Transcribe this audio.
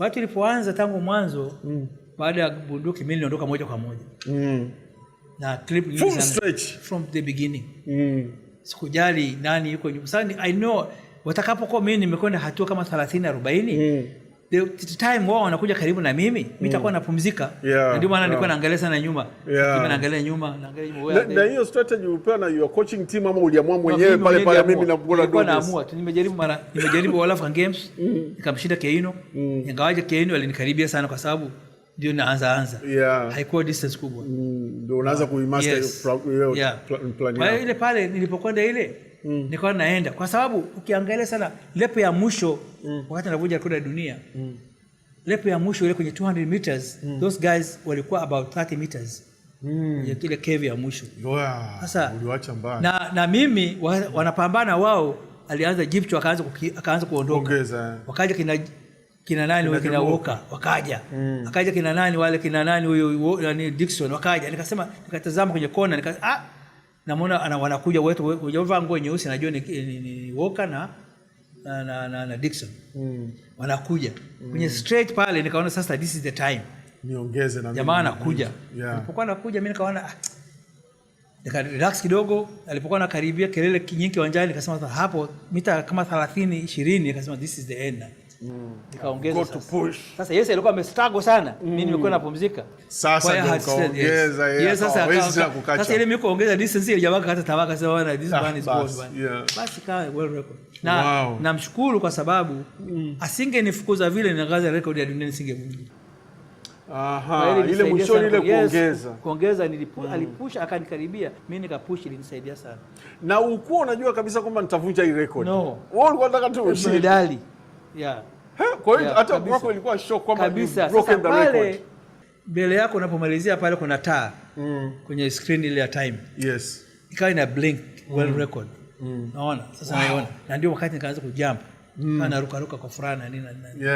watu ilipoanza tangu mwanzo mm. baada ya bunduki mimi niliondoka moja kwa moja mm. na clip full stretch from the beginning mm. sikujali nani yuko nyuma. Sasa I know watakapokuwa mimi nimekwenda hatua kama 30 40 mm the time wao wanakuja karibu na mimi mimi nitakuwa mm. napumzika, na ndio maana nilikuwa naangalia sana nyuma, naangalia nyuma, naangalia nyuma. Na hiyo strategy upewa na your coaching team ama uliamua mwenyewe pale pale? Mimi na bora ndio naamua tu, nimejaribu mara, nimejaribu wala African Games mm. nikamshinda Keino, mm. ingawaje Keino alinikaribia sana kwa sababu ndio naanza anza yeah. haikuwa distance kubwa mm, ndio mm, unaanza kuimaster yes. yeah. plan yako ile pale nilipokwenda ile mm. nikawa naenda kwa sababu ukiangalia sana lepo ya mwisho mm. wakati anavuja rekodi ya dunia mm. lepo ya mwisho ile kwenye 200 meters mm. those guys walikuwa about 30 meters mm. ya kile kevi ya mwisho sasa uliwacha mbali na, na mimi wa, wanapambana wao alianza jipcho akaanza akaanza kuondoka eh. wakaja kina kina nani wale kina Walker wakaja mm. akaja kina nani wale kina nani huyo yani Dickson wakaja, nikasema nikatazama kwenye kona nika ah, namuona ana, wanakuja wetu wajavaa nguo nyeusi najua ni, ni, ni Walker na na, na, na, na Dickson mm. wanakuja mm. kwenye straight pale, nikaona sasa this is the time niongeze na jamaa anakuja. Yeah. Alipokuwa anakuja mimi nikaona ah, nika relax kidogo. Alipokuwa anakaribia kelele nyingi uwanjani, nikasema hapo mita kama 30 20, nikasema this is the end. Mm. nikaongeza sasa. Sasa Yese alikuwa amestruggle sana mimi mm. nimekuwa napumzika sasa, nikaongeza sasa Sasa kukacha. ile mimi kuongeza distance ile jamaa kata tabaka sasa, bwana this ah, man is boss bwana, basi kawa world record na namshukuru kwa sababu mm. asingenifukuza vile na ngazi record ya dunia nisingemjia Aha, ile mwishoni ile kuongeza kuongeza nilipu, mm. alipusha akanikaribia mimi nikapush, ilinisaidia sana, na ukuwa unajua kabisa kwamba nitavunja hii record. No. Wewe ulikuwa unataka tu ushindani yeah. Kwa hiyo hata kwako ilikuwa shock kwamba broken the record. Mbele yako unapomalizia pale kuna taa mm. kwenye screen ile ya time. Yes. Ikawa ina blink mm. well record. Mm. Naona sasa wow. Naona na ndio wakati nikaanza kujump. Mm. Naruka ruka kwa furaha na nini na nini. Yeah.